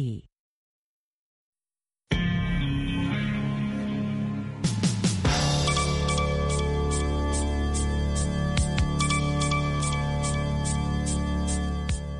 E.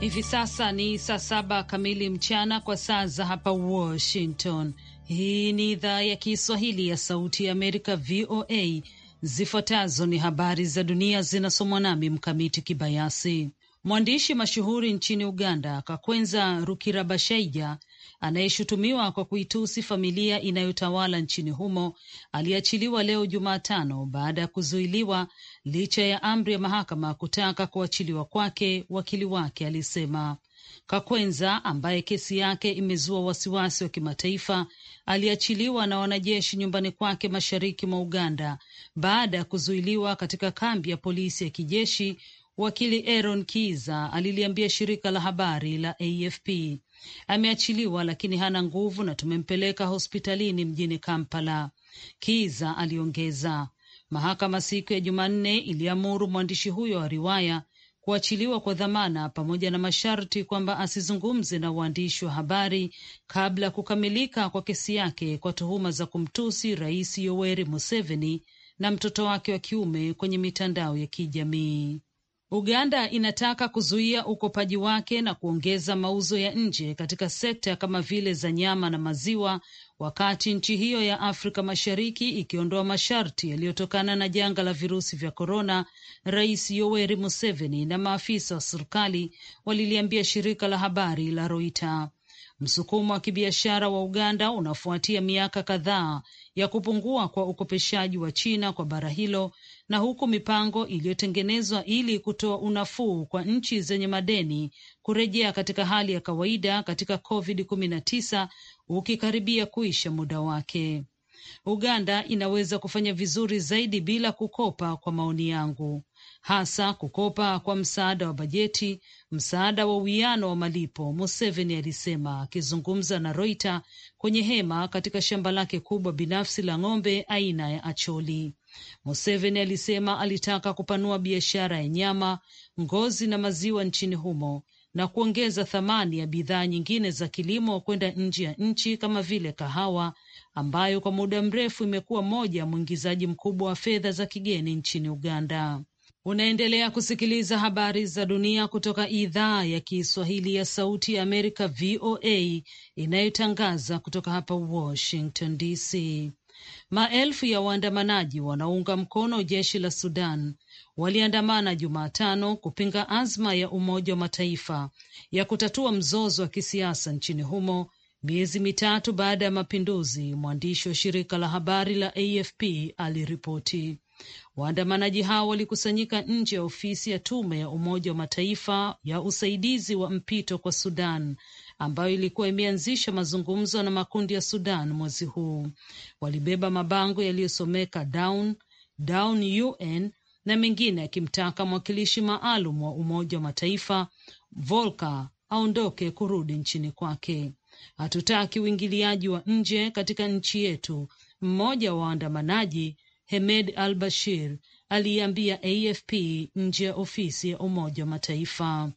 Hivi sasa ni saa saba kamili mchana kwa saa za hapa Washington. Hii ni idhaa ya Kiswahili ya Sauti ya Amerika, VOA. Zifuatazo ni habari za dunia zinasomwa nami Mkamiti Kibayasi. Mwandishi mashuhuri nchini Uganda Kakwenza Rukirabashaija anayeshutumiwa kwa kuitusi familia inayotawala nchini humo aliachiliwa leo Jumatano baada ya kuzuiliwa licha ya amri ya mahakama kutaka kuachiliwa kwake. Wakili wake alisema Kakwenza ambaye kesi yake imezua wasiwasi wa kimataifa aliachiliwa na wanajeshi nyumbani kwake mashariki mwa Uganda baada ya kuzuiliwa katika kambi ya polisi ya kijeshi Wakili Aaron Kiza aliliambia shirika la habari la AFP ameachiliwa lakini hana nguvu na tumempeleka hospitalini mjini Kampala. Kiza aliongeza. Mahakama siku ya Jumanne iliamuru mwandishi huyo wa riwaya kuachiliwa kwa dhamana pamoja na masharti kwamba asizungumze na waandishi wa habari kabla ya kukamilika kwa kesi yake kwa tuhuma za kumtusi Rais Yoweri Museveni na mtoto wake wa kiume kwenye mitandao ya kijamii. Uganda inataka kuzuia ukopaji wake na kuongeza mauzo ya nje katika sekta kama vile za nyama na maziwa, wakati nchi hiyo ya Afrika Mashariki ikiondoa masharti yaliyotokana na janga la virusi vya korona. Rais Yoweri Museveni na maafisa wa serikali waliliambia shirika la habari la Reuters Msukumo wa kibiashara wa Uganda unafuatia miaka kadhaa ya kupungua kwa ukopeshaji wa China kwa bara hilo na huku mipango iliyotengenezwa ili kutoa unafuu kwa nchi zenye madeni kurejea katika hali ya kawaida katika COVID-19 ukikaribia kuisha muda wake. Uganda inaweza kufanya vizuri zaidi bila kukopa, kwa maoni yangu, hasa kukopa kwa msaada wa bajeti, msaada wa uwiano wa malipo, Museveni alisema akizungumza na Reuters kwenye hema katika shamba lake kubwa binafsi la ng'ombe aina ya Acholi. Museveni alisema alitaka kupanua biashara ya nyama, ngozi na maziwa nchini humo na kuongeza thamani ya bidhaa nyingine za kilimo kwenda nje ya nchi kama vile kahawa, ambayo kwa muda mrefu imekuwa moja ya mwingizaji mkubwa wa fedha za kigeni nchini Uganda. Unaendelea kusikiliza habari za dunia kutoka idhaa ya Kiswahili ya Sauti ya Amerika, VOA, inayotangaza kutoka hapa Washington DC. Maelfu ya waandamanaji wanaunga mkono jeshi la Sudan waliandamana Jumatano kupinga azma ya Umoja wa Mataifa ya kutatua mzozo wa kisiasa nchini humo Miezi mitatu baada ya mapinduzi, mwandishi wa shirika la habari la AFP aliripoti waandamanaji hao walikusanyika nje ya ofisi ya tume ya Umoja wa Mataifa ya usaidizi wa mpito kwa Sudan ambayo ilikuwa imeanzisha mazungumzo na makundi ya Sudan mwezi huu. Walibeba mabango yaliyosomeka down down UN na mengine akimtaka mwakilishi maalum wa Umoja wa Mataifa Volker aondoke kurudi nchini kwake hatutaki uingiliaji wa nje katika nchi yetu, mmoja wa waandamanaji Hemed Al Bashir aliiambia AFP nje ya ofisi ya Umoja wa Mataifa.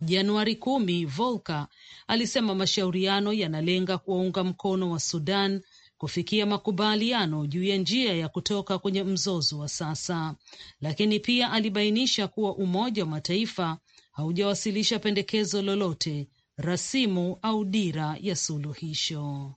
Januari kumi, Volker alisema mashauriano yanalenga kuwaunga mkono wa Sudan kufikia makubaliano juu ya njia ya kutoka kwenye mzozo wa sasa, lakini pia alibainisha kuwa Umoja wa Mataifa haujawasilisha pendekezo lolote rasimu au dira ya suluhisho.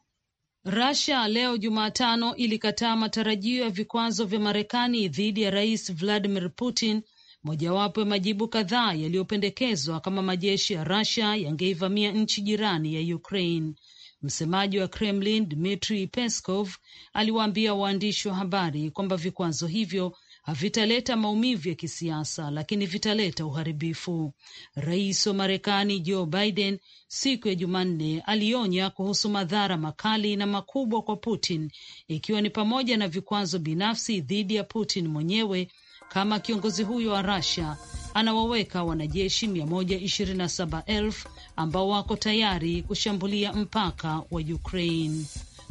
rasia leo Jumatano ilikataa matarajio ya vikwazo vya Marekani dhidi ya Rais Vladimir Putin, mojawapo ya majibu kadhaa yaliyopendekezwa kama majeshi ya rasia yangeivamia nchi jirani ya Ukraine. Msemaji wa Kremlin Dmitri Peskov aliwaambia waandishi wa habari kwamba vikwazo hivyo havitaleta maumivu ya kisiasa, lakini vitaleta uharibifu. Rais wa Marekani Joe Biden siku ya Jumanne alionya kuhusu madhara makali na makubwa kwa Putin, ikiwa ni pamoja na vikwazo binafsi dhidi ya Putin mwenyewe kama kiongozi huyo wa Russia anawaweka wanajeshi 127,000 ambao wako tayari kushambulia mpaka wa Ukraine.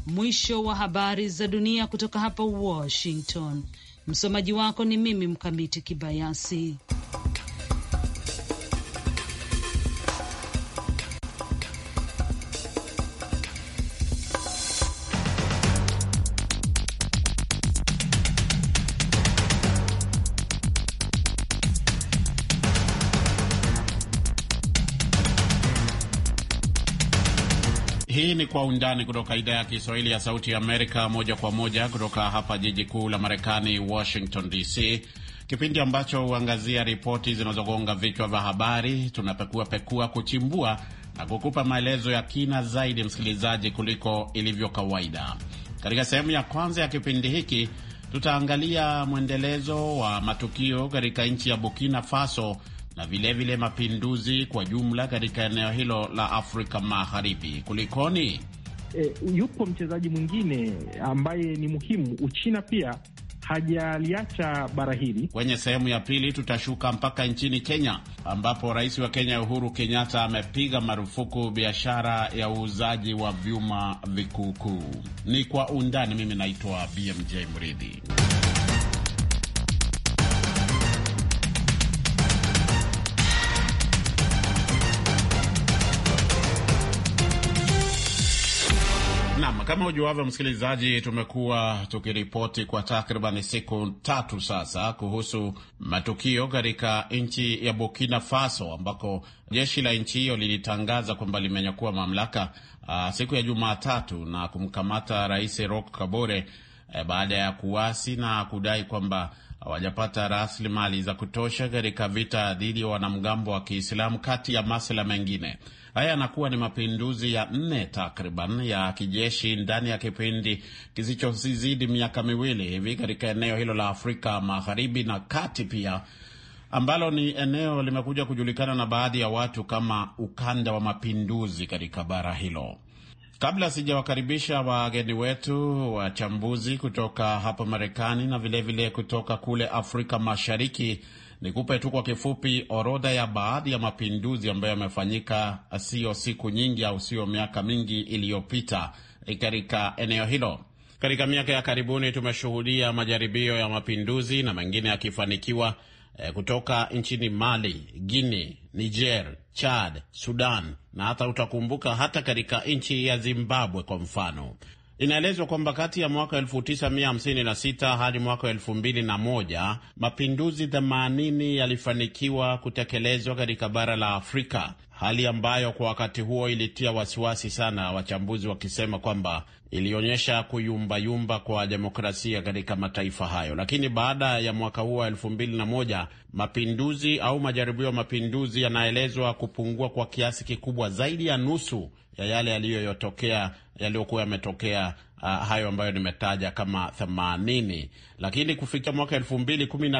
Mwisho wa habari za dunia kutoka hapa Washington. Msomaji wako ni mimi Mkamiti Kibayasi. Kwa Undani kutoka idhaa ya Kiswahili ya Sauti ya Amerika, moja kwa moja kutoka hapa jiji kuu la Marekani, Washington DC, kipindi ambacho huangazia ripoti zinazogonga vichwa vya habari. Tunapekua pekua, kuchimbua na kukupa maelezo ya kina zaidi, msikilizaji, kuliko ilivyo kawaida. Katika sehemu ya kwanza ya kipindi hiki tutaangalia mwendelezo wa matukio katika nchi ya Burkina Faso na vilevile vile mapinduzi kwa jumla katika eneo hilo la Afrika Magharibi. Kulikoni? E, yupo mchezaji mwingine ambaye ni muhimu, Uchina pia hajaliacha bara hili. Kwenye sehemu ya pili tutashuka mpaka nchini Kenya ambapo rais wa Kenya Uhuru Kenyatta amepiga marufuku biashara ya uuzaji wa vyuma vikuukuu. Ni kwa undani. Mimi naitwa BMJ Mridhi. Kama ujuavyo, msikilizaji, tumekuwa tukiripoti kwa takribani siku tatu sasa kuhusu matukio katika nchi ya Burkina Faso ambako jeshi la nchi hiyo lilitangaza kwamba limenyakua mamlaka uh, siku ya Jumatatu na kumkamata Rais Roch Kabore Eh, baada ya kuwasi na kudai kwamba hawajapata rasilimali za kutosha katika vita dhidi ya wanamgambo wa Kiislamu, kati ya masuala mengine. Haya yanakuwa ni mapinduzi ya nne takriban ya kijeshi ndani ya kipindi kisichozidi miaka miwili hivi katika eneo hilo la Afrika Magharibi na Kati pia ambalo ni eneo limekuja kujulikana na baadhi ya watu kama ukanda wa mapinduzi katika bara hilo. Kabla sijawakaribisha wageni wetu wachambuzi kutoka hapa Marekani na vilevile vile kutoka kule Afrika Mashariki, nikupe tu kwa kifupi orodha ya baadhi ya mapinduzi ambayo yamefanyika siyo siku nyingi au siyo miaka mingi iliyopita katika eneo hilo. Katika miaka ya karibuni tumeshuhudia majaribio ya mapinduzi na mengine yakifanikiwa, eh, kutoka nchini Mali, Guinea, Niger, Chad, Sudan na hata utakumbuka hata katika nchi ya Zimbabwe kwa mfano. Inaelezwa kwamba kati ya mwaka 1956 hadi mwaka 2001 mapinduzi 80 yalifanikiwa kutekelezwa katika bara la Afrika hali ambayo kwa wakati huo ilitia wasiwasi sana, wachambuzi wakisema kwamba ilionyesha kuyumbayumba kwa demokrasia katika mataifa hayo. Lakini baada ya mwaka huo wa elfu mbili na moja, mapinduzi au majaribio ya mapinduzi yanaelezwa kupungua kwa kiasi kikubwa, zaidi ya nusu ya yale yaliyotokea yaliyokuwa yametokea Uh, hayo ambayo nimetaja kama themanini, lakini kufikia mwaka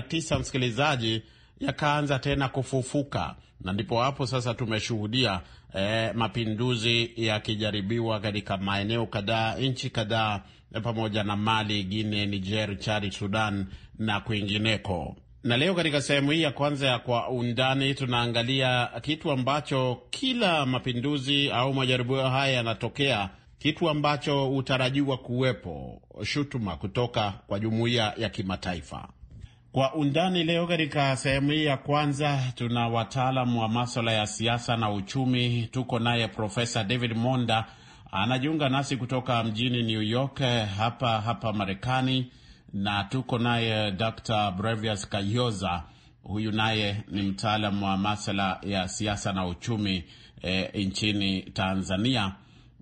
tisa msikilizaji, yakaanza tena kufufuka na ndipo hapo sasa tumeshuhudia eh, mapinduzi yakijaribiwa katika maeneo kadhaa, nchi kadhaa eh, pamoja na Mali, guine Niger, Chad, Sudan na kwingineko. Na leo katika sehemu hii ya kwanza ya Kwa Undani tunaangalia kitu ambacho kila mapinduzi au majaribio haya yanatokea, kitu ambacho hutarajiwa kuwepo shutuma kutoka kwa jumuiya ya kimataifa. Kwa undani leo, katika sehemu hii ya kwanza, tuna wataalam wa maswala ya siasa na uchumi. Tuko naye Profesa David Monda, anajiunga nasi kutoka mjini New York hapa hapa Marekani, na tuko naye Dr. Brevius Kayoza, huyu naye ni mtaalam wa maswala ya siasa na uchumi e, nchini Tanzania,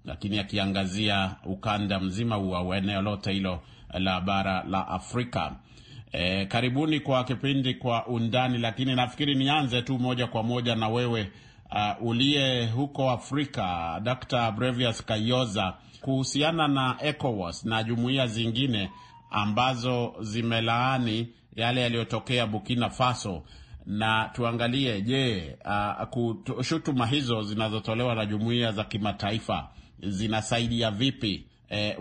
lakini akiangazia ukanda mzima wa eneo lote hilo la bara la Afrika. E, karibuni kwa kipindi kwa undani, lakini nafikiri nianze tu moja kwa moja na wewe uh, uliye huko Afrika, Dr. Brevius Kayoza, kuhusiana na ECOWAS na jumuiya zingine ambazo zimelaani yale yaliyotokea Burkina Faso, na tuangalie, je, uh, shutuma hizo zinazotolewa na jumuiya za kimataifa zinasaidia vipi eh,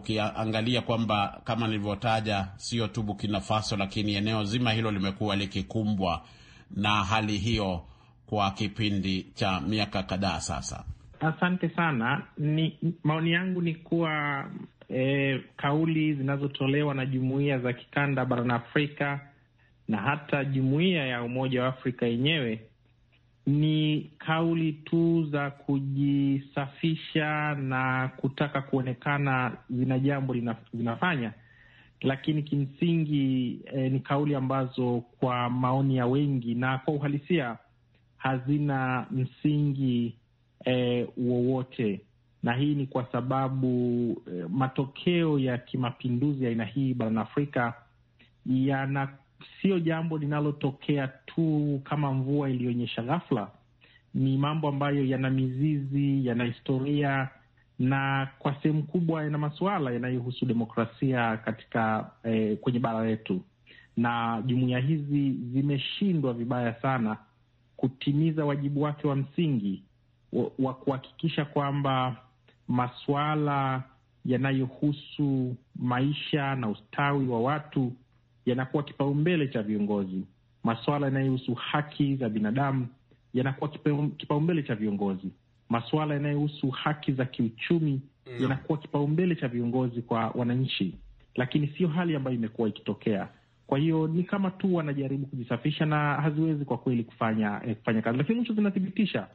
ukiangalia kwamba kama nilivyotaja, sio tu Burkina Faso, lakini eneo zima hilo limekuwa likikumbwa na hali hiyo kwa kipindi cha miaka kadhaa sasa. Asante sana. Ni maoni yangu ni kuwa e, kauli zinazotolewa na jumuiya za kikanda barani Afrika na hata jumuiya ya Umoja wa Afrika yenyewe ni kauli tu za kujisafisha na kutaka kuonekana zina jambo zinafanya, lakini kimsingi e, ni kauli ambazo kwa maoni ya wengi na kwa uhalisia hazina msingi e, wowote, na hii ni kwa sababu e, matokeo ya kimapinduzi ya aina hii barani Afrika yana sio jambo linalotokea tu kama mvua iliyonyesha ghafla. Ni mambo ambayo yana mizizi, yana historia na kwa sehemu kubwa yana masuala yanayohusu demokrasia katika eh, kwenye bara letu, na jumuiya hizi zimeshindwa vibaya sana kutimiza wajibu wake wa msingi wa kuhakikisha kwamba masuala yanayohusu maisha na ustawi wa watu yanakuwa kipaumbele cha viongozi. maswala yanayohusu haki za binadamu yanakuwa kipaumbele cha viongozi. maswala yanayohusu haki za kiuchumi mm, yanakuwa kipaumbele cha viongozi kwa wananchi, lakini sio hali ambayo imekuwa ikitokea. Kwa hiyo ni kama tu wanajaribu kujisafisha na haziwezi kwa kweli kufanya eh, kufanya kazi, lakini mwisho zinathibitisha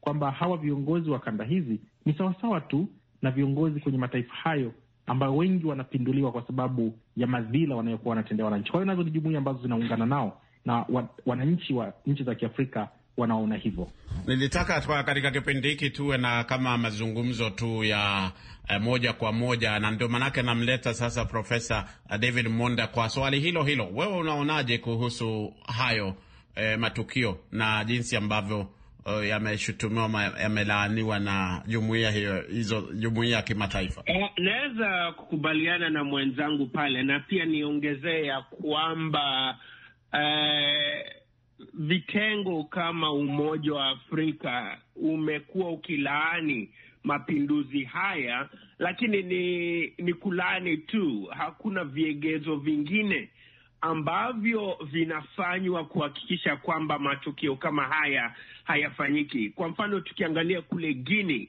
kwamba hawa viongozi wa kanda hizi ni sawasawa tu na viongozi kwenye mataifa hayo ambayo wengi wanapinduliwa kwa sababu ya madhila wanayokuwa wanatendea wananchi. Kwa hiyo nazo ni jumuia ambazo zinaungana nao na wananchi wa nchi za Kiafrika wanaona hivyo. Nilitaka katika kipindi hiki tuwe na kama mazungumzo tu ya eh, moja kwa moja, na ndio maanake namleta sasa Profesa eh, David Monda kwa swali hilo hilo. Wewe unaonaje kuhusu hayo eh, matukio na jinsi ambavyo yameshutumiwa yamelaaniwa na jumuiya hiyo hizo jumuiya ya kimataifa. Eh, naweza kukubaliana na mwenzangu pale, na pia niongezee ya kwamba e, vitengo kama Umoja wa Afrika umekuwa ukilaani mapinduzi haya, lakini ni, ni kulaani tu, hakuna viegezo vingine ambavyo vinafanywa kuhakikisha kwamba matukio kama haya hayafanyiki. Kwa mfano tukiangalia kule Guini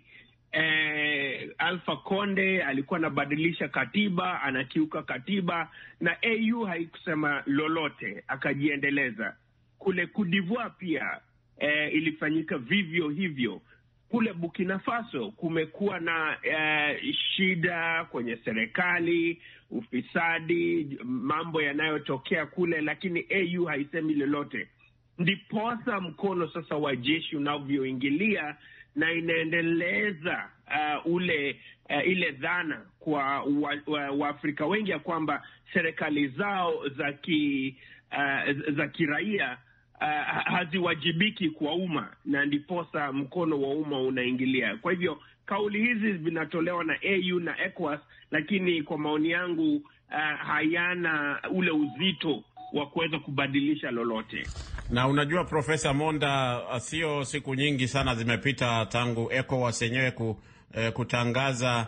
eh, Alpha Conde alikuwa anabadilisha katiba, anakiuka katiba na AU haikusema lolote, akajiendeleza. Kule Cote pia eh, ilifanyika vivyo hivyo. Kule Burkina Faso kumekuwa na eh, shida kwenye serikali, ufisadi, mambo yanayotokea kule, lakini AU haisemi lolote ndiposa mkono sasa wa jeshi unavyoingilia na inaendeleza uh, ule uh, ile dhana kwa Waafrika wa, wa wengi ya kwamba serikali zao za ki, uh, za kiraia uh, haziwajibiki kwa umma, na ndiposa mkono wa umma unaingilia. Kwa hivyo kauli hizi zinatolewa na AU na ECOWAS, lakini kwa maoni yangu uh, hayana ule uzito wa kuweza kubadilisha lolote. Na unajua, Profesa Monda, uh, sio siku nyingi sana zimepita tangu ECOWAS yenyewe ku, eh, kutangaza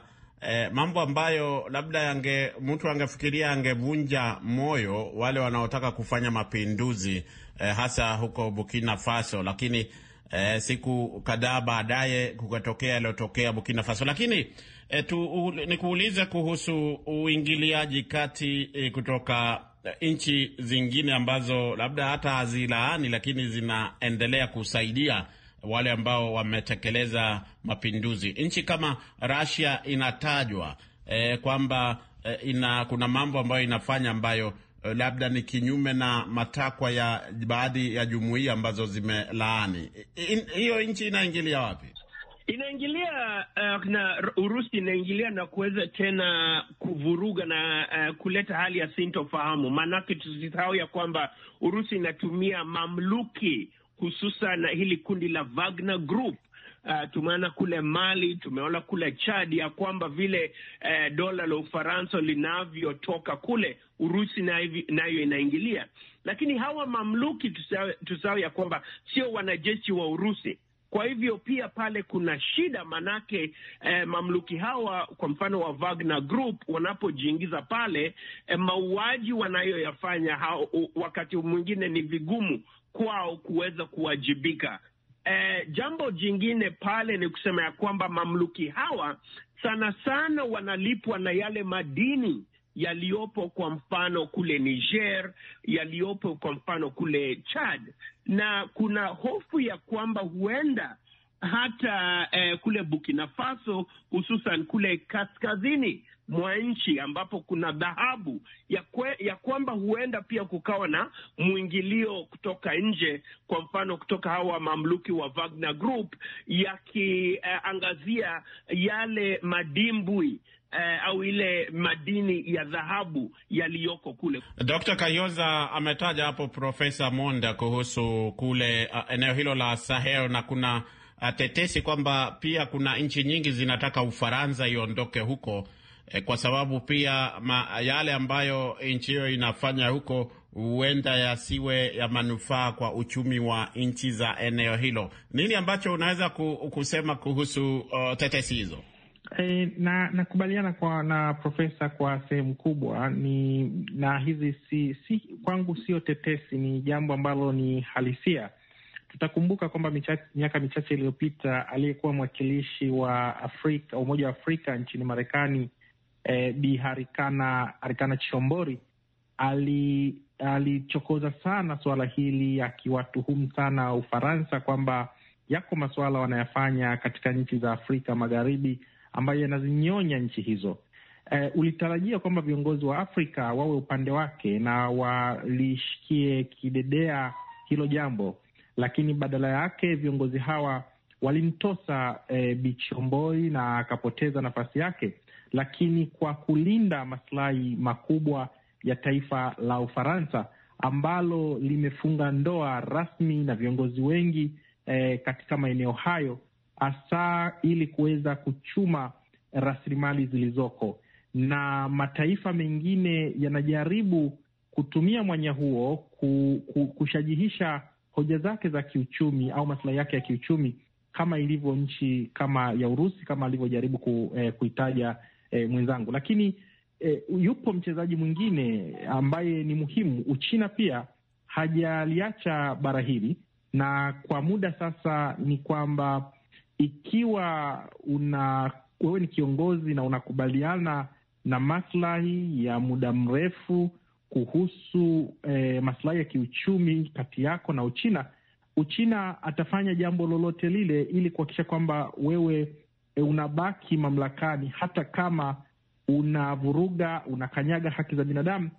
eh, mambo ambayo labda yange mtu angefikiria angevunja moyo wale wanaotaka kufanya mapinduzi eh, hasa huko Burkina Faso, lakini eh, siku kadhaa baadaye kukatokea yaliyotokea Burkina Faso, lakini eh, tu, uh, nikuulize kuhusu uingiliaji kati eh, kutoka Eh, nchi zingine ambazo labda hata hazilaani lakini zinaendelea kusaidia wale ambao wametekeleza mapinduzi. Nchi kama Russia inatajwa e, kwamba e, ina kuna mambo ambayo inafanya ambayo labda ni kinyume na matakwa ya baadhi ya jumuiya ambazo zimelaani. Hiyo nchi inaingilia wapi? inaingilia uh, na Urusi inaingilia na kuweza tena kuvuruga na uh, kuleta hali ya sintofahamu. Maanake tusisahau ya kwamba Urusi inatumia mamluki hususan hili kundi la Wagner Group. Uh, tumeona kule Mali, tumeona kule Chad ya kwamba vile uh, dola la Ufaransa linavyotoka kule Urusi nayo na inaingilia, lakini hawa mamluki tusahau ya kwamba sio wanajeshi wa Urusi kwa hivyo pia pale kuna shida manake, eh, mamluki hawa kwa mfano wa Wagner Group wanapojiingiza pale, eh, mauaji wanayoyafanya hao, wakati mwingine ni vigumu kwao kuweza kuwajibika. Eh, jambo jingine pale ni kusema ya kwamba mamluki hawa sana sana wanalipwa na yale madini yaliyopo kwa mfano kule Niger, yaliyopo kwa mfano kule Chad, na kuna hofu ya kwamba huenda hata eh, kule Burkina Faso hususan kule kaskazini mwa nchi ambapo kuna dhahabu ya, ya kwamba huenda pia kukawa na mwingilio kutoka nje, kwa mfano kutoka hawa mamluki wa Wagner Group yakiangazia eh, yale madimbwi eh, au ile madini ya dhahabu yaliyoko kule. Dr. Kayoza ametaja hapo Profesa Monda kuhusu kule uh, eneo hilo la Sahel na kuna eh, tetesi kwamba pia kuna nchi nyingi zinataka Ufaransa iondoke huko eh, kwa sababu pia ma, yale ambayo nchi hiyo inafanya huko huenda yasiwe ya manufaa kwa uchumi wa nchi za eneo hilo. Nini ambacho unaweza kusema kuhusu uh, tetesi hizo? E, na nakubaliana kwa na profesa kwa sehemu kubwa ni na hizi si, si kwangu sio tetesi, ni jambo ambalo ni halisia. Tutakumbuka kwamba miaka michache iliyopita aliyekuwa mwakilishi wa Afrika, Umoja wa Afrika nchini Marekani e, Bi Harikana, Harikana Chombori alichokoza ali sana suala hili akiwatuhumu sana Ufaransa kwamba yako masuala wanayafanya katika nchi za Afrika Magharibi ambayo yanazinyonya nchi hizo. Uh, ulitarajia kwamba viongozi wa Afrika wawe upande wake na walishikie kidedea hilo jambo, lakini badala yake viongozi hawa walimtosa eh, Bichomboi na akapoteza nafasi yake, lakini kwa kulinda masilahi makubwa ya taifa la Ufaransa ambalo limefunga ndoa rasmi na viongozi wengi eh, katika maeneo hayo hasa ili kuweza kuchuma rasilimali zilizoko, na mataifa mengine yanajaribu kutumia mwanya huo ku, ku, kushajihisha hoja zake za kiuchumi au masilahi yake ya kiuchumi kama ilivyo nchi kama ya Urusi kama alivyojaribu ku, eh, kuitaja eh, mwenzangu. Lakini eh, yupo mchezaji mwingine ambaye ni muhimu. Uchina pia hajaliacha bara hili, na kwa muda sasa ni kwamba ikiwa una wewe ni kiongozi na unakubaliana na maslahi ya muda mrefu kuhusu eh, maslahi ya kiuchumi kati yako na Uchina, Uchina atafanya jambo lolote lile ili kuhakikisha kwamba wewe eh, unabaki mamlakani, hata kama unavuruga, unakanyaga haki za binadamu,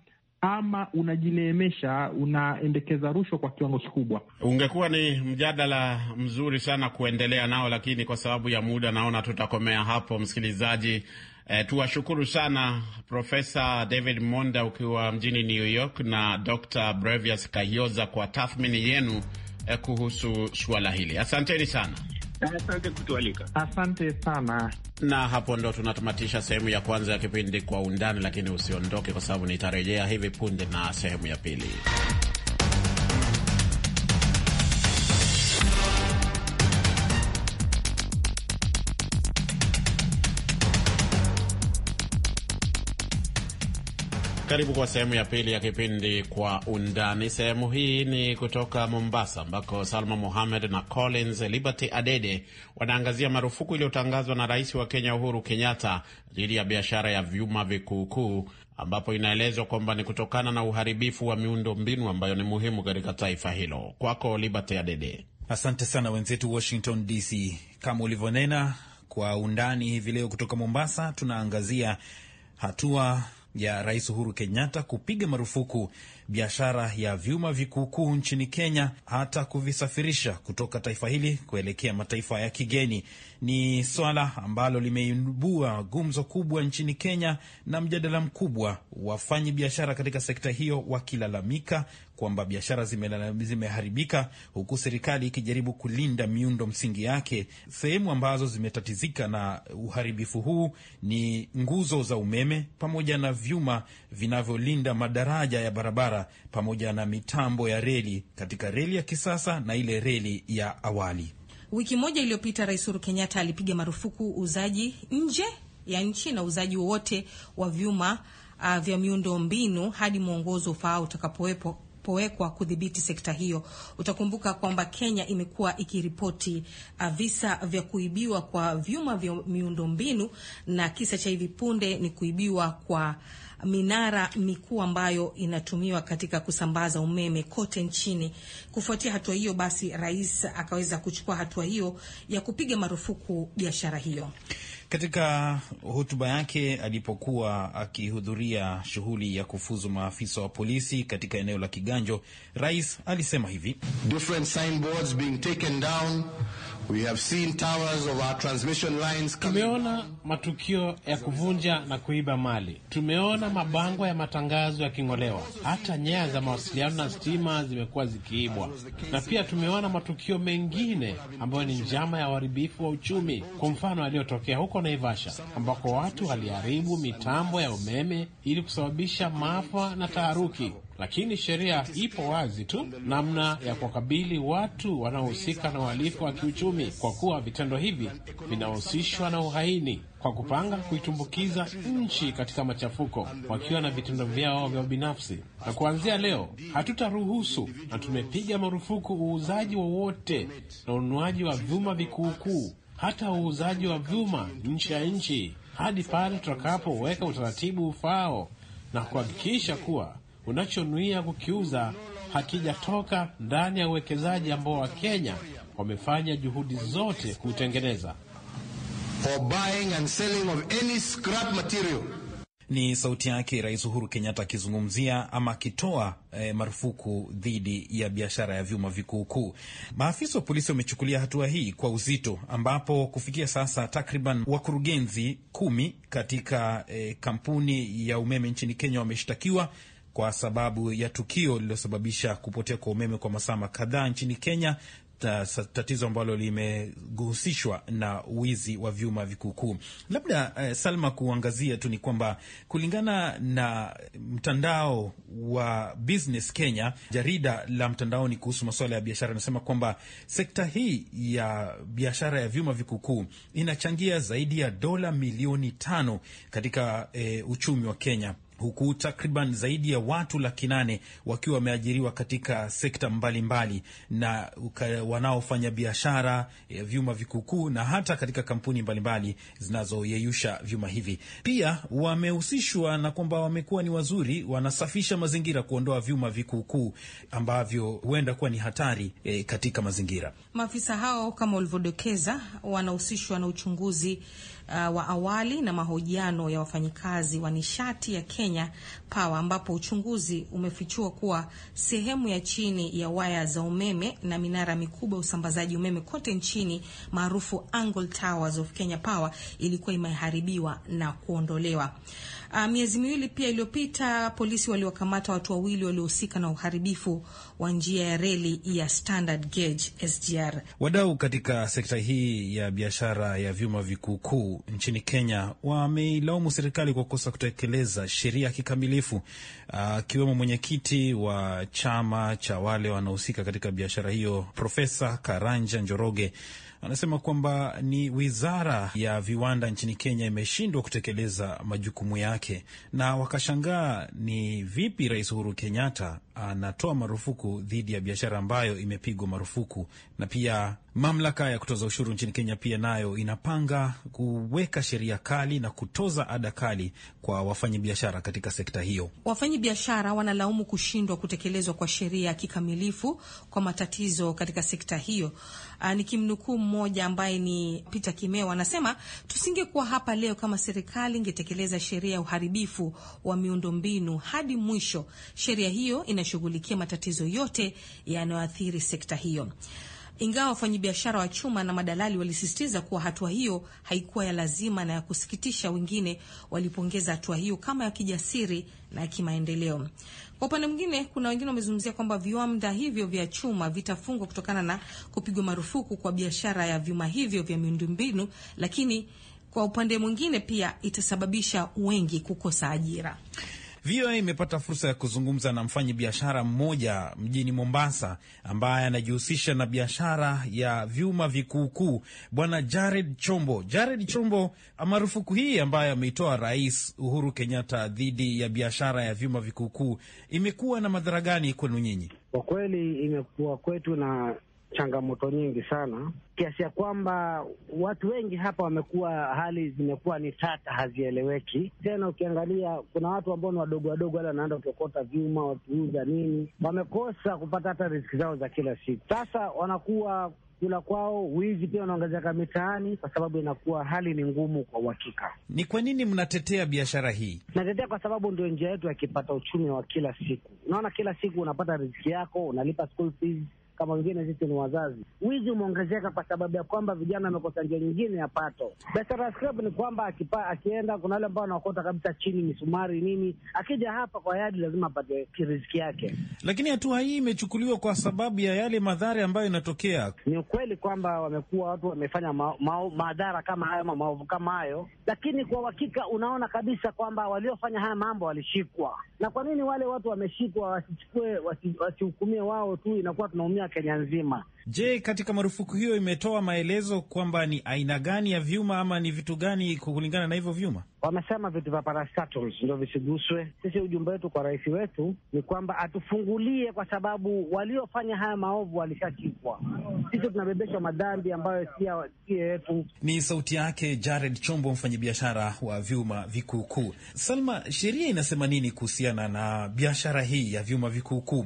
ama unajineemesha, unaendekeza rushwa kwa kiwango kikubwa. Ungekuwa ni mjadala mzuri sana kuendelea nao, lakini kwa sababu ya muda naona tutakomea hapo, msikilizaji. E, tuwashukuru sana Profesa David Monda ukiwa mjini New York na Dr. Brevius Kayoza kwa tathmini yenu eh, kuhusu suala hili. Asanteni sana. Asante kutualika. Asante sana. Na hapo ndo tunatamatisha sehemu ya kwanza ya kipindi Kwa Undani, lakini usiondoke, kwa sababu nitarejea hivi punde na sehemu ya pili. Karibu kwa sehemu ya pili ya kipindi Kwa Undani. Sehemu hii ni kutoka Mombasa, ambako Salma Mohamed na Collins Liberty Adede wanaangazia marufuku iliyotangazwa na rais wa Kenya Uhuru Kenyatta dhidi ya biashara ya vyuma vikuukuu, ambapo inaelezwa kwamba ni kutokana na uharibifu wa miundo mbinu ambayo ni muhimu katika taifa hilo. Kwako Liberty Adede. Asante sana wenzetu Washington DC. Kama ulivyonena, Kwa Undani hivi leo kutoka Mombasa tunaangazia hatua ya Rais Uhuru Kenyatta kupiga marufuku biashara ya vyuma vikuukuu nchini Kenya, hata kuvisafirisha kutoka taifa hili kuelekea mataifa ya kigeni. Ni swala ambalo limeibua gumzo kubwa nchini Kenya na mjadala mkubwa, wafanyi biashara katika sekta hiyo wakilalamika kwamba biashara zimeharibika, huku serikali ikijaribu kulinda miundo msingi yake. Sehemu ambazo zimetatizika na uharibifu huu ni nguzo za umeme pamoja na vyuma vinavyolinda madaraja ya barabara pamoja na mitambo ya reli katika reli ya kisasa na ile reli ya awali. Wiki moja iliyopita, Rais Uhuru Kenyatta alipiga marufuku uuzaji nje ya nchi na uuzaji wowote wa vyuma uh, vya miundo mbinu hadi mwongozo ufaao utakapowepo yalipowekwa kudhibiti sekta hiyo. Utakumbuka kwamba Kenya imekuwa ikiripoti uh, visa vya kuibiwa kwa vyuma vya miundombinu na kisa cha hivi punde ni kuibiwa kwa minara mikuu ambayo inatumiwa katika kusambaza umeme kote nchini. Kufuatia hatua hiyo, basi rais akaweza kuchukua hatua hiyo ya kupiga marufuku biashara hiyo. Katika hotuba yake alipokuwa akihudhuria shughuli ya kufuzu maafisa wa polisi katika eneo la Kiganjo, rais alisema hivi: Different signboards being taken down Tumeona matukio ya kuvunja na kuiba mali. Tumeona mabango ya matangazo yaking'olewa. Hata nyaya za mawasiliano na stima zimekuwa zikiibwa, na pia tumeona matukio mengine ambayo ni njama ya uharibifu wa uchumi, kwa mfano aliyotokea huko Naivasha, ambako watu waliharibu mitambo ya umeme ili kusababisha maafa na taharuki lakini sheria ipo wazi tu namna ya kuwakabili watu wanaohusika na uhalifu wa kiuchumi, kwa kuwa vitendo hivi vinahusishwa na uhaini kwa kupanga kuitumbukiza nchi katika machafuko wakiwa na vitendo vyao vya binafsi. Na kuanzia leo hatutaruhusu na tumepiga marufuku uuzaji wowote na ununuaji wa vyuma vikuukuu, hata uuzaji wa vyuma nchi ya nchi, hadi pale tutakapoweka utaratibu ufao na kuhakikisha kuwa unachonuia kukiuza hakijatoka ndani ya uwekezaji ambao Wakenya wamefanya juhudi zote kuutengeneza. Ni sauti yake Rais Uhuru Kenyatta akizungumzia ama akitoa e, marufuku dhidi ya biashara ya vyuma vikuukuu. Maafisa wa polisi wamechukulia hatua hii kwa uzito, ambapo kufikia sasa takriban wakurugenzi kumi katika e, kampuni ya umeme nchini Kenya wameshtakiwa kwa sababu ya tukio lililosababisha kupotea kwa umeme kwa masaa kadhaa nchini Kenya, tatizo ambalo limehusishwa na wizi wa vyuma vikuukuu. Labda eh, Salma, kuangazia tu ni kwamba kulingana na mtandao wa Business Kenya, jarida la mtandaoni kuhusu masuala ya biashara, inasema kwamba sekta hii ya biashara ya vyuma vikuukuu inachangia zaidi ya dola milioni tano katika eh, uchumi wa Kenya huku takriban zaidi ya watu laki nane wakiwa wameajiriwa katika sekta mbalimbali mbali, na wanaofanya biashara ya vyuma vikukuu na hata katika kampuni mbalimbali zinazoyeyusha vyuma hivi. Pia wamehusishwa na kwamba wamekuwa ni wazuri, wanasafisha mazingira, kuondoa vyuma vikuukuu ambavyo huenda kuwa ni hatari eh, katika mazingira. Maafisa hao kama ulivyodokeza, wanahusishwa na uchunguzi uh, wa awali na mahojiano ya wafanyikazi wa nishati ya Kenya Power, ambapo uchunguzi umefichua kuwa sehemu ya chini ya waya za umeme na minara mikubwa ya usambazaji umeme kote nchini maarufu Angle Towers of Kenya Power ilikuwa imeharibiwa na kuondolewa. Uh, miezi miwili pia iliyopita polisi waliwakamata watu wawili waliohusika na uharibifu wa njia ya reli ya Standard Gauge SGR. Wadau katika sekta hii ya biashara ya vyuma vikuukuu nchini Kenya wameilaumu serikali kwa kosa kutekeleza sheria kikamilifu, ah, akiwemo uh, mwenyekiti wa chama cha wale wanaohusika katika biashara hiyo Profesa Karanja Njoroge anasema kwamba ni wizara ya viwanda nchini Kenya imeshindwa kutekeleza majukumu yake, na wakashangaa ni vipi Rais Uhuru Kenyatta anatoa marufuku dhidi ya biashara ambayo imepigwa marufuku, na pia Mamlaka ya kutoza ushuru nchini Kenya pia nayo inapanga kuweka sheria kali na kutoza ada kali kwa wafanyabiashara katika sekta hiyo. Wafanyabiashara wanalaumu kushindwa kutekelezwa kwa sheria ya kikamilifu kwa matatizo katika sekta hiyo. Ah, nikimnukuu mmoja ambaye ni Peter Kimeo, anasema tusingekuwa hapa leo kama serikali ingetekeleza sheria ya uharibifu wa miundombinu hadi mwisho. Sheria hiyo inashughulikia matatizo yote yanayoathiri sekta hiyo ingawa wafanyabiashara wa chuma na madalali walisisitiza kuwa hatua hiyo haikuwa ya lazima na ya kusikitisha, wengine walipongeza hatua hiyo kama ya kijasiri na ya kimaendeleo. Kwa upande mwingine, kuna wengine wamezungumzia kwamba viwanda hivyo vya chuma vitafungwa kutokana na kupigwa marufuku kwa biashara ya vyuma hivyo vya miundombinu, lakini kwa upande mwingine pia itasababisha wengi kukosa ajira. VOA imepata fursa ya kuzungumza na mfanyi biashara mmoja mjini Mombasa ambaye anajihusisha na biashara ya vyuma vikuukuu, Bwana Jared Chombo. Jared Chombo, marufuku hii ambayo ameitoa Rais Uhuru Kenyatta dhidi ya biashara ya vyuma vikuukuu imekuwa na madhara gani kwenu nyinyi? Kwa kweli imekuwa kwetu na changamoto nyingi sana kiasi ya kwamba watu wengi hapa wamekuwa, hali zimekuwa ni tata, hazieleweki tena. Ukiangalia kuna watu ambao ni wadogo wadogo, wale wanaenda kuokota vyuma, wakiuza nini, wamekosa kupata hata riziki zao za kila siku. Sasa wanakuwa kula kwao, wizi pia wanaongezeka mitaani, kwa sababu inakuwa hali ni ngumu kwa uhakika. Ni kwa nini mnatetea biashara hii? Natetea kwa sababu ndio njia yetu ya kipata uchumi wa kila siku. Unaona, kila siku unapata riziki yako, unalipa school fees kama wengine sisi ni wazazi. Wizi umeongezeka kwa sababu ya kwamba vijana wamekosa njia nyingine ya pato. Biashara ya scrap ni kwamba akipa, akienda kuna wale ambao wanaokota kabisa chini misumari nini, akija hapa kwa yadi lazima apate kiriziki yake. Lakini hatua hii imechukuliwa kwa sababu ya yale madhara ambayo inatokea. Ni ukweli kwamba wamekuwa watu wamefanya ma, ma, madhara kama hayo ama maovu kama hayo, lakini kwa uhakika unaona kabisa kwamba waliofanya haya mambo walishikwa. Na kwa nini wale watu wameshikwa wasichukue, wasihukumie wao tu, inakuwa tunaumia kuhudumia Kenya nzima. Je, katika marufuku hiyo imetoa maelezo kwamba ni aina gani ya vyuma ama ni vitu gani kulingana na hivyo vyuma? Wamesema vitu vya parastatals ndio visiguswe. Sisi ujumbe wetu kwa rais wetu ni kwamba atufungulie, kwa sababu waliofanya haya maovu walishachikwa. Sisi tunabebeshwa madhambi ambayo si yetu. Ni sauti yake Jared Chombo, mfanyabiashara wa vyuma vikuukuu. Salma, sheria inasema nini kuhusiana na biashara hii ya vyuma vikuukuu?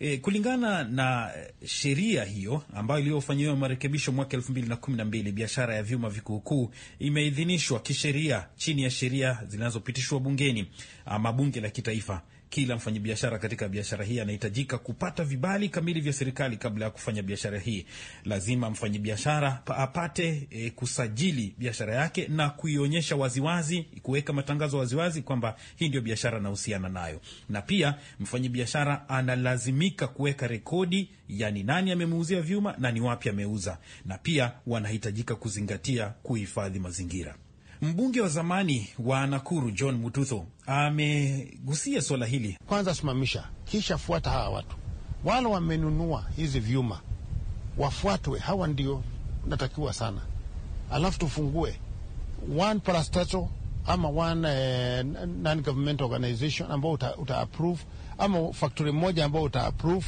E, kulingana na eh, sheria hiyo ambayo iliyofanyiwa marekebisho mwaka elfu mbili na kumi na mbili, biashara ya vyuma vikuukuu imeidhinishwa kisheria chini ya sheria zinazopitishwa bungeni ama bunge la kitaifa. Kila mfanyabiashara katika biashara hii anahitajika kupata vibali kamili vya serikali kabla ya kufanya biashara hii. Lazima mfanyabiashara apate e, kusajili biashara yake na kuionyesha waziwazi, kuweka matangazo waziwazi kwamba hii ndio biashara anahusiana nayo, na pia mfanyabiashara analazimika kuweka rekodi, yani nani amemuuzia vyuma na ni wapi ameuza, na pia wanahitajika kuzingatia kuhifadhi mazingira. Mbunge wa zamani wa Nakuru John Mututho amegusia swala hili. Kwanza simamisha, kisha fuata hawa watu wale wamenunua hizi vyuma, wafuatwe. Hawa ndio natakiwa sana, alafu tufungue one parastatal ama one eh, non-government organization ambao uta, uta approve ama factory moja ambao uta approve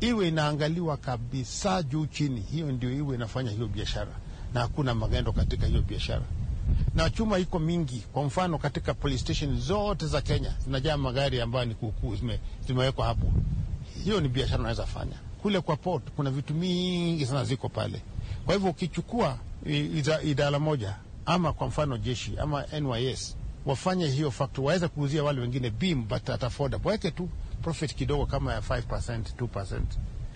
iwe inaangaliwa kabisa juu chini. Hiyo ndio iwe inafanya hiyo biashara, na hakuna magendo katika hiyo biashara na chuma iko mingi. Kwa mfano katika police station zote za Kenya zinajaa magari ambayo ni kuukuu zimewekwa hapo. Hiyo ni biashara unaweza fanya kule kwa port. Kuna vitu mingi sana ziko pale. Kwa hivyo ukichukua idara moja ama kwa mfano jeshi ama NYS wafanye hiyo factory, waweze kuuzia wale wengine beam but at affordable, waweke tu profit kidogo kama ya 5%, 2%.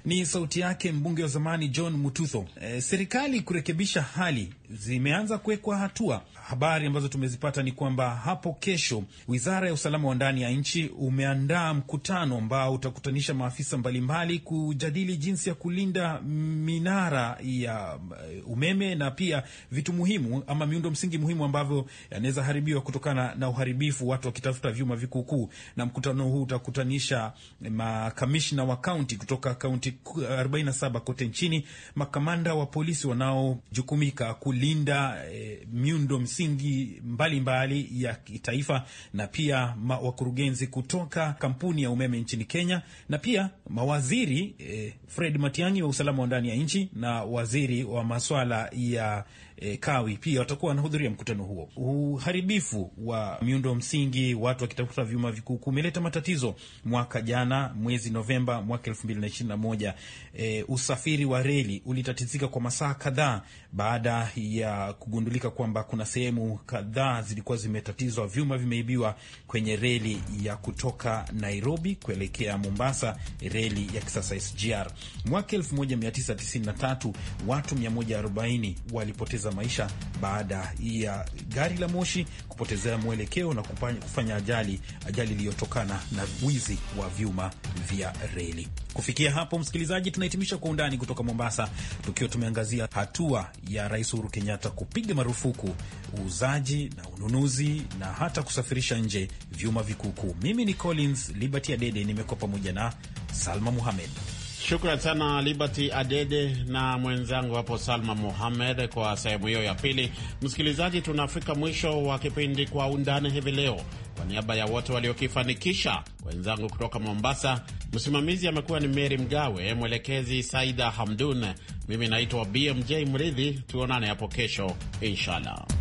Ni sauti yake mbunge wa zamani John Mututho. E, serikali kurekebisha hali zimeanza kuwekwa hatua habari ambazo tumezipata ni kwamba hapo kesho wizara ya usalama wa ndani ya nchi umeandaa mkutano ambao utakutanisha maafisa mbalimbali kujadili jinsi ya kulinda minara ya eh, umeme na pia vitu muhimu ama miundo msingi muhimu ambavyo yanaweza haribiwa kutokana na uharibifu, watu wakitafuta vyuma vikuukuu. Na mkutano huu utakutanisha makamishna wa kaunti kutoka kaunti 47 kote nchini, makamanda wa polisi wanaojukumika kulinda eh, miundo msingi misingi mbalimbali mbali ya kitaifa na pia wakurugenzi kutoka kampuni ya umeme nchini Kenya na pia mawaziri eh, Fred Matiang'i wa usalama wa ndani ya nchi na waziri wa maswala ya e, Kawi pia watakuwa wanahudhuria mkutano huo. Uharibifu wa miundo msingi, watu wakitafuta vyuma vikuu kumeleta matatizo mwaka jana mwezi Novemba mwaka elfu mbili na ishirini na moja. E, usafiri wa reli ulitatizika kwa masaa kadhaa baada ya kugundulika kwamba kuna sehemu kadhaa zilikuwa zimetatizwa, vyuma vimeibiwa kwenye reli ya kutoka Nairobi kuelekea Mombasa, reli ya kisasa SGR. Mwaka 1993 watu 140 walipoteza kupoteza maisha baada ya gari la moshi kupotezea mwelekeo na kufanya ajali, ajali iliyotokana na wizi wa vyuma vya reli. Kufikia hapo, msikilizaji, tunahitimisha Kwa Undani kutoka Mombasa, tukiwa tumeangazia hatua ya Rais Uhuru Kenyatta kupiga marufuku uuzaji na ununuzi na hata kusafirisha nje vyuma vikuukuu. Mimi ni Collins Liberty Adede, nimekuwa pamoja na Salma Muhamed. Shukran sana Liberty Adede na mwenzangu hapo Salma Mohamed kwa sehemu hiyo ya pili. Msikilizaji, tunafika mwisho wa kipindi Kwa Undani hivi leo. Kwa niaba ya wote waliokifanikisha, wenzangu kutoka Mombasa, msimamizi amekuwa ni Meri Mgawe, mwelekezi Saida Hamdun, mimi naitwa BMJ Mridhi. Tuonane hapo kesho inshallah.